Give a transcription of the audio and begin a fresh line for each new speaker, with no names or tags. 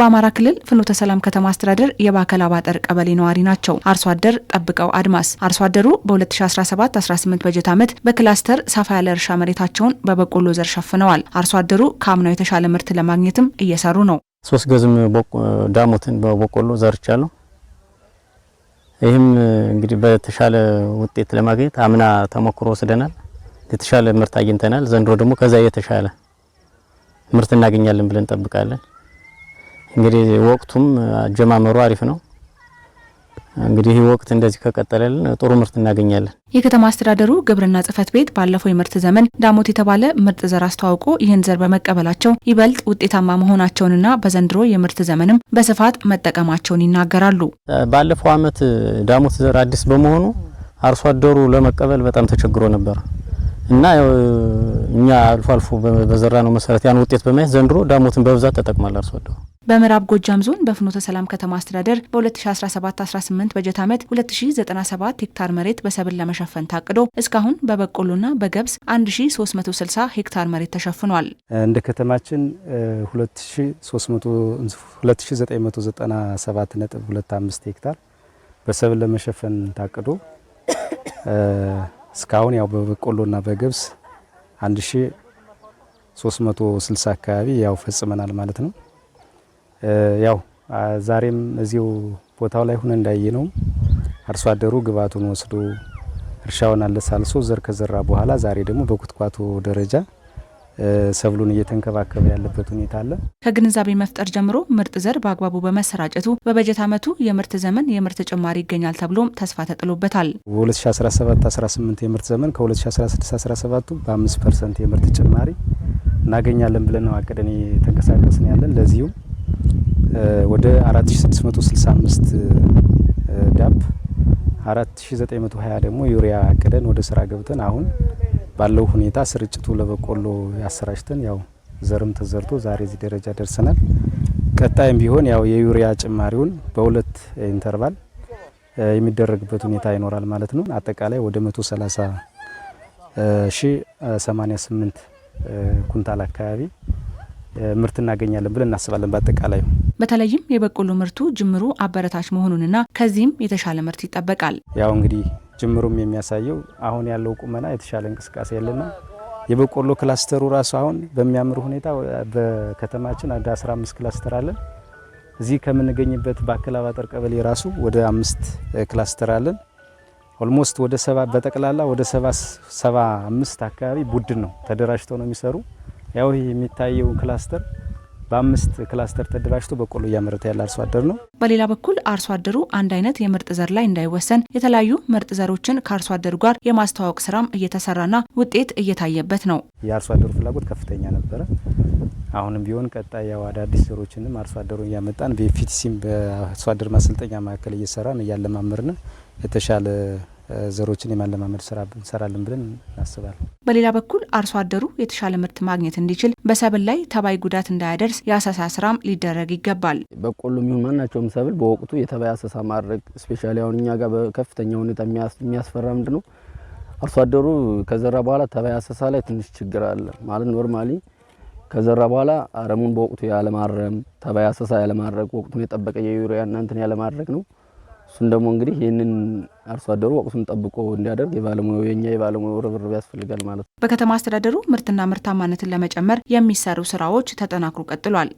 በአማራ ክልል ፍኖተ ሰላም ከተማ አስተዳደር የባከላ ባጠር ቀበሌ ነዋሪ ናቸው። አርሶ አደር ጠብቀው አድማስ አርሶ አደሩ በ2017/18 በጀት ዓመት በክላስተር ሰፋ ያለ እርሻ መሬታቸውን በበቆሎ ዘር ሸፍነዋል። አርሶ አደሩ ከአምናው የተሻለ ምርት ለማግኘትም እየሰሩ ነው።
ሶስት ገዝም ዳሞትን በበቆሎ ዘርቻለሁ። ይህም እንግዲህ በተሻለ ውጤት ለማግኘት አምና ተሞክሮ ወስደናል። የተሻለ ምርት አግኝተናል። ዘንድሮ ደግሞ ከዛ የተሻለ ምርት እናገኛለን ብለን እንጠብቃለን። እንግዲህ ወቅቱም አጀማመሩ አሪፍ ነው። እንግዲህ ይህ ወቅት እንደዚህ ከቀጠለልን ጥሩ ምርት እናገኛለን።
የከተማ አስተዳደሩ ግብርና ጽሕፈት ቤት ባለፈው የምርት ዘመን ዳሞት የተባለ ምርጥ ዘር አስተዋውቆ ይህን ዘር በመቀበላቸው ይበልጥ ውጤታማ መሆናቸውንና በዘንድሮ የምርት ዘመንም በስፋት መጠቀማቸውን ይናገራሉ።
ባለፈው ዓመት ዳሞት ዘር አዲስ በመሆኑ አርሶ አደሩ ለመቀበል በጣም ተቸግሮ ነበር እና እኛ አልፎ አልፎ በዘራ ነው መሰረት ያን ውጤት በማየት ዘንድሮ ዳሞትን በብዛት ተጠቅሟል አርሶ አደሩ።
በምዕራብ ጎጃም ዞን በፍኖተ ሰላም ከተማ አስተዳደር በ2017/18 በጀት ዓመት 2097 ሄክታር መሬት በሰብል ለመሸፈን ታቅዶ እስካሁን በበቆሎና በገብስ 1360 ሄክታር መሬት ተሸፍኗል።
እንደ ከተማችን 2997.25 ሄክታር በሰብል ለመሸፈን ታቅዶ እስካሁን ያው በበቆሎና በገብስ 1360 አካባቢ ያው ፈጽመናል ማለት ነው። ያው ዛሬም እዚው ቦታው ላይ ሁነ እንዳየ ነው አርሶ አደሩ ግብአቱን ወስዶ እርሻውን አለሳልሶ ዘር ከዘራ በኋላ ዛሬ ደግሞ በቁጥቋጦ ደረጃ ሰብሉን እየተንከባከበ ያለበት ሁኔታ አለ።
ከግንዛቤ መፍጠር ጀምሮ ምርጥ ዘር በአግባቡ በመሰራጨቱ በበጀት ዓመቱ የምርት ዘመን የምርት ጭማሪ ይገኛል ተብሎም ተስፋ ተጥሎበታል።
በ2017/18 የምርት ዘመን ከ2016/17 በ5 ፐርሰንት የምርት ጭማሪ እናገኛለን ብለን ነው አቅደን የተንቀሳቀስን ያለን ለዚሁም ወደ 4665 ዳፕ 4920 ደግሞ ዩሪያ ቅደን ወደ ስራ ገብተን አሁን ባለው ሁኔታ ስርጭቱ ለበቆሎ ያሰራጭተን ያው ዘርም ተዘርቶ ዛሬ እዚህ ደረጃ ደርሰናል። ቀጣይም ቢሆን ያው የዩሪያ ጭማሪውን በሁለት ኢንተርቫል የሚደረግበት ሁኔታ ይኖራል ማለት ነው። አጠቃላይ ወደ 130 ሺ 88 ኩንታል አካባቢ ምርት እናገኛለን ብለን እናስባለን። በአጠቃላዩ
በተለይም የበቆሎ ምርቱ ጅምሩ አበረታች መሆኑንና ከዚህም የተሻለ ምርት ይጠበቃል።
ያው እንግዲህ ጅምሩም የሚያሳየው አሁን ያለው ቁመና የተሻለ እንቅስቃሴ ያለና የበቆሎ ክላስተሩ ራሱ አሁን በሚያምር ሁኔታ በከተማችን ወደ 15 ክላስተር አለን። እዚህ ከምንገኝበት በአክላባ ጠር ቀበሌ ራሱ ወደ አምስት ክላስተር አለን። ኦልሞስት ወደ ሰባ በጠቅላላ ወደ ሰባ አምስት አካባቢ ቡድን ነው ተደራጅተው ነው የሚሰሩ ያው የሚታየው ክላስተር በአምስት ክላስተር ተደራጅቶ በቆሎ እያመረተ ያለ አርሶ አደር ነው።
በሌላ በኩል አርሶ አደሩ አንድ አይነት የምርጥ ዘር ላይ እንዳይወሰን የተለያዩ ምርጥ ዘሮችን ከአርሶ አደሩ ጋር የማስተዋወቅ ስራም እየተሰራና ውጤት እየታየበት ነው።
የአርሶ አደሩ ፍላጎት ከፍተኛ ነበረ። አሁንም ቢሆን ቀጣይ ያው አዳዲስ ዘሮችንም አርሶ አደሩን እያመጣን በፊትሲም በአርሶ አደር ማሰልጠኛ ማዕከል እየሰራን እያለማመርን የተሻለ ዘሮችን የማለማመድ ስራ እንሰራለን ብለን እናስባለን።
በሌላ በኩል አርሶ አደሩ የተሻለ ምርት ማግኘት እንዲችል በሰብል ላይ ተባይ ጉዳት እንዳያደርስ የአሰሳ ስራም ሊደረግ ይገባል።
በቆሎ የሚሆን ማናቸውም ሰብል በወቅቱ የተባይ አሰሳ ማድረግ ስፔሻሊ አሁን እኛ ጋር በከፍተኛ ሁኔታ የሚያስፈራ ምንድን ነው አርሶ አደሩ ከዘራ በኋላ ተባይ አሰሳ ላይ ትንሽ ችግር አለ ማለት ኖርማሊ ከዘራ በኋላ አረሙን በወቅቱ ያለማረም ተባይ አሰሳ ያለማድረግ ወቅቱን የጠበቀ የዩሪያ እናንትን ያለማድረግ ነው። እሱን ደግሞ እንግዲህ ይህንን አርሶ አደሩ ወቅቱን ጠብቆ እንዲያደርግ የባለሙያው የኛ የባለሙያው ርብርብ ያስፈልጋል ማለት ነው።
በከተማ አስተዳደሩ ምርትና ምርታማነትን ለመጨመር የሚሰሩ ስራዎች ተጠናክሮ ቀጥሏል።